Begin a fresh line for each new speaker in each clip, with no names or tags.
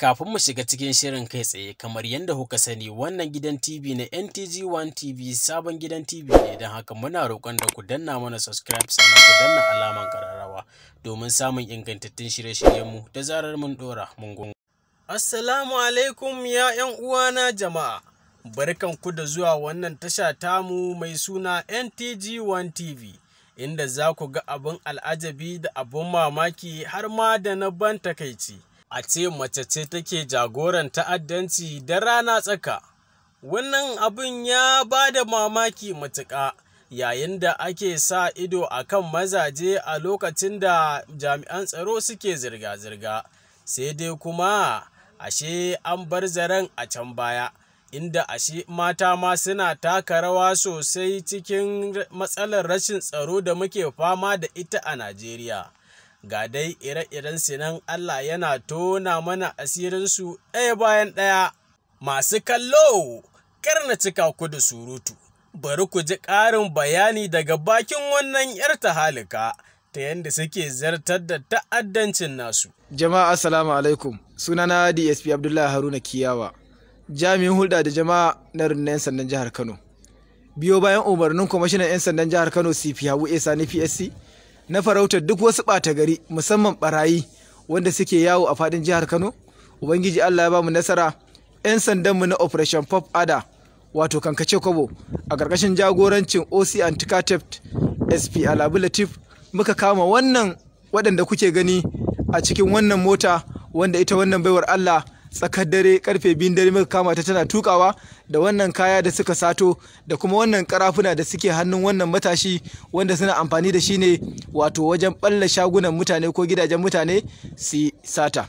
Kafin mu shiga cikin shirin kai tsaye kamar yadda kuka sani wannan gidan TV na NTG1 TV sabon gidan TV ne don haka muna roƙon da ku danna mana subscribe sannan ku danna alaman kararrawa domin samun ingantattun shirye-shiryenmu da zarar mun ɗora mun gungu. Assalamu alaikum ya 'yan uwana jama'a. barkan ku da zuwa wannan tasha tamu mai suna NTG1 TV. Inda za ku ga abin al'ajabi da abin mamaki har ma da na ban takaici. a ce mace ce take jagoran ta'addanci da rana tsaka wannan abin ya ba da mamaki matuƙa yayin da ake sa ido a kan mazaje a lokacin da jami'an tsaro suke zirga-zirga sai dai kuma ashe an bar zaren a can baya inda ashe mata ma suna taka rawa sosai cikin matsalar rashin tsaro da muke fama da ita a najeriya ga dai ire-iren sinan Allah yana tona mana asirinsu ɗaya bayan ɗaya. Masu kallo, karna cika ku da surutu, bari ku ji ƙarin bayani daga bakin wannan 'yar tahalika ta yadda suke zartar da ta'addancin nasu.
Jama'a Assalamu alaikum, sunana DSP Abdullahi Haruna Kiyawa, jami'in hulɗa da jama'a na rundunar 'yan sandan jihar Kano. Biyo bayan umarnin kwamishinan 'yan sandan jihar Kano CP esa Sani PSC, na farautar duk wasu ɓata gari musamman ɓarayi wanda suke yawo a faɗin jihar Kano ubangiji Allah ya bamu nasara 'yan sandanmu na operation pop ada wato kankace kobo a ƙarƙashin jagorancin oc anticatept sp alabu latif muka kama wannan waɗanda kuke gani a cikin wannan mota wanda ita wannan baiwar allah tsakar dare karfe biyun dare muka kama ta tana tukawa da wannan kaya da suka sato da kuma wannan karafuna da suke hannun wannan matashi wanda suna amfani da shi ne wato wajen balla shagunan mutane ko gidajen mutane su sata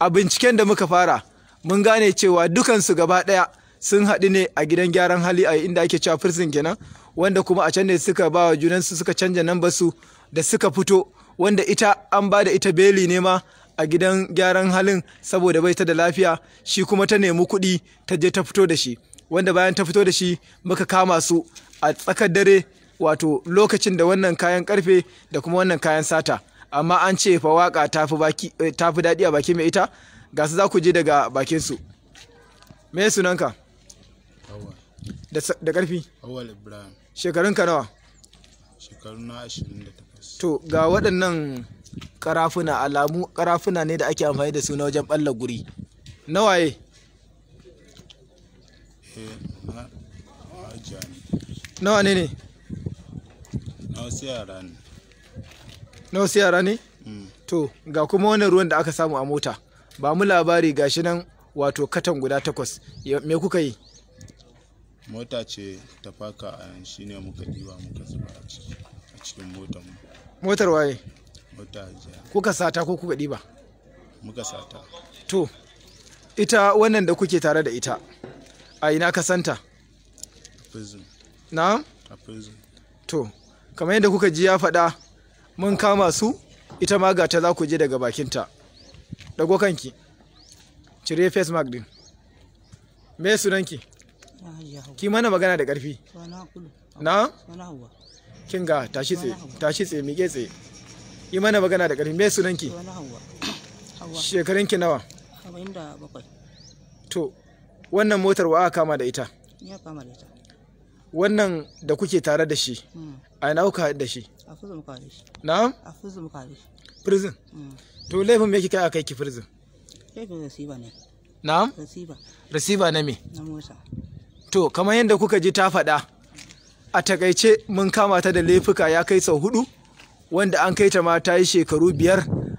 a binciken da muka fara mun gane cewa dukansu gaba ɗaya sun haɗu ne a gidan gyaran hali a inda ake cewa prison kenan wanda kuma a can ne suka ba wa junansu suka canja nambar su da suka fito wanda ita an ba da ita beli ne ma a gidan gyaran halin saboda bai ta da lafiya shi kuma ta nemi kuɗi ta je ta fito da shi wanda bayan ta fito da shi muka kama su a tsakar dare wato lokacin da wannan kayan karfe da kuma wannan kayan sata amma an ce fa waka eh, ta fi daɗi a baki mai ita ga su za ku je daga bakin su me sunanka da karfi ka nawa
shekaru na 28
to ga waɗannan karafuna alamu karafuna ne da ake amfani da su na wajen balla guri nawaye nawa ne ne na wasu yara ne mm. to ga kuma wani ruwan da aka samu a mota ba mu labari ga shi nan wato katon guda takwas me kuka yi
mota ce ta faka a ne muka diwa muka zuba a cikin motar
motar waye kuka sata ko kuka ɗiba muka sata to ita wannan da kuke tare da ita a ina ka santa na to kamar yadda kuka ji ya faɗa mun kama su ita ma gata za ku je daga bakinta dago kanki cire face mark din me sunanki ki mana magana da ƙarfi na kinga tashi tse tashi tse miƙe tse yi mana magana da ƙarfi mai sunanki shekarunki nawa to wannan motar wa aka kama da ita wannan da kuke tare da shi hmm. a ina kuka da shi Na? a prison hmm. to laifin mai kika kai ki firzin.
laifin rasiba ne na? rasiba
rasiba na me na mota to kamar yadda kuka ji ta faɗa a takaice mun kama ta da laifuka ya kai sau hudu wanda an kai ta ma ta yi shekaru biyar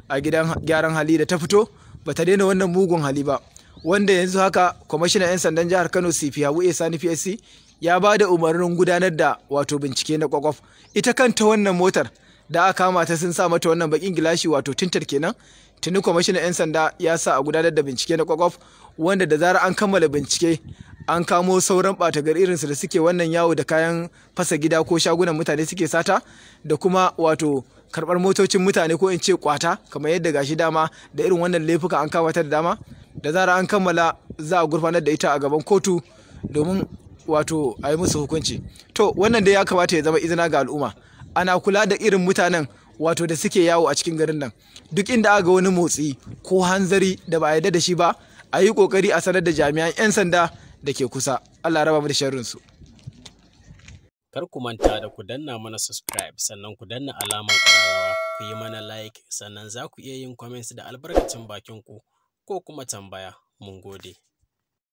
a gidan gyaran hali da ta fito ba ta daina wannan mugun hali ba wanda yanzu haka kwamishinan 'yan sandan jihar kano cp habu sani psc ya ba da umarnin gudanar da wato bincike na kwakwaf ita kanta wannan motar da aka kama ta sun sa mata wannan bakin gilashi wato tintar kenan tuni kwamishinan 'yan sanda ya sa a gudanar da bincike na kwakwaf wanda da zarar an kammala bincike an kamo sauran bata gari irinsu da suke wannan yawo da kayan fasa gida ko shagunan mutane suke sata da kuma wato karbar motocin mutane ko in ce kwata kamar yadda gashi dama da irin wannan laifuka an kama ta da dama da zara an kammala za a gurfanar da ita a gaban kotu domin wato a yi musu hukunci to wannan dai ya kamata ya zama izina ga al'umma ana kula da irin mutanen wato da suke yawo a cikin garin nan duk inda aka ga wani motsi ko hanzari da ba a yarda da shi ba a yi kokari a sanar da jami'an 'yan sanda da ke kusa Allah raba mu da sharrin su
kar ku manta da ku danna mana subscribe sannan ku danna alamar ƙararrawa ku yi mana like sannan za ku iya yin comments da albarkacin bakin ku ko kuma tambaya mun gode